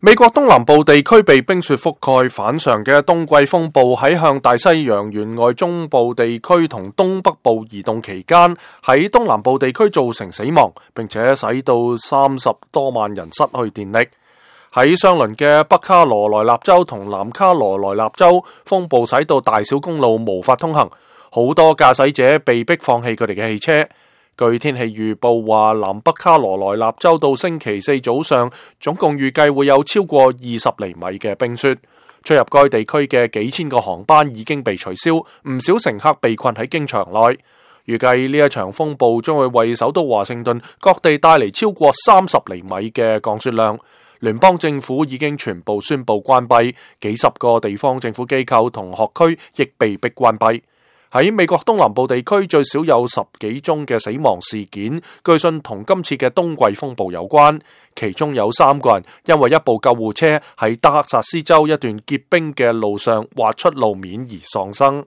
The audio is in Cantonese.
美國東南部地區被冰雪覆蓋，反常嘅冬季風暴喺向大西洋沿岸中部地區同東北部移動期間，喺東南部地區造成死亡，並且使到三十多萬人失去電力。喺相鄰嘅北卡羅來納州同南卡羅來納州，風暴使到大小公路無法通行，好多駕駛者被迫放棄佢哋嘅汽車。據天氣預報話，南北卡羅來納州到星期四早上，總共預計會有超過二十厘米嘅冰雪。出入該地區嘅幾千個航班已經被取消，唔少乘客被困喺機場內。預計呢一場風暴將會為首都華盛頓各地帶嚟超過三十厘米嘅降雪量。聯邦政府已經全部宣布關閉，幾十個地方政府機構同學區亦被迫關閉。喺美國東南部地區最少有十幾宗嘅死亡事件，據信同今次嘅冬季風暴有關。其中有三個人因為一部救護車喺德克薩斯州一段結冰嘅路上滑出路面而喪生。